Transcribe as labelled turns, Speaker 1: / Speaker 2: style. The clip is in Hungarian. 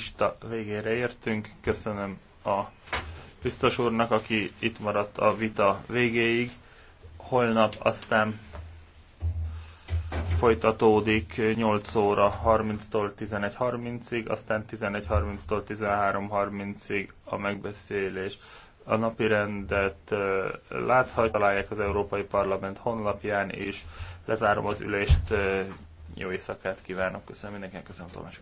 Speaker 1: lista végére értünk. Köszönöm a biztos úrnak, aki itt maradt a vita végéig. Holnap aztán folytatódik 8 óra 30-tól 11.30-ig, aztán 11.30-tól 13.30-ig a megbeszélés. A napi rendet láthatják, találják az Európai Parlament honlapján, és lezárom az ülést. Jó éjszakát kívánok, köszönöm mindenkinek, köszönöm Tomás.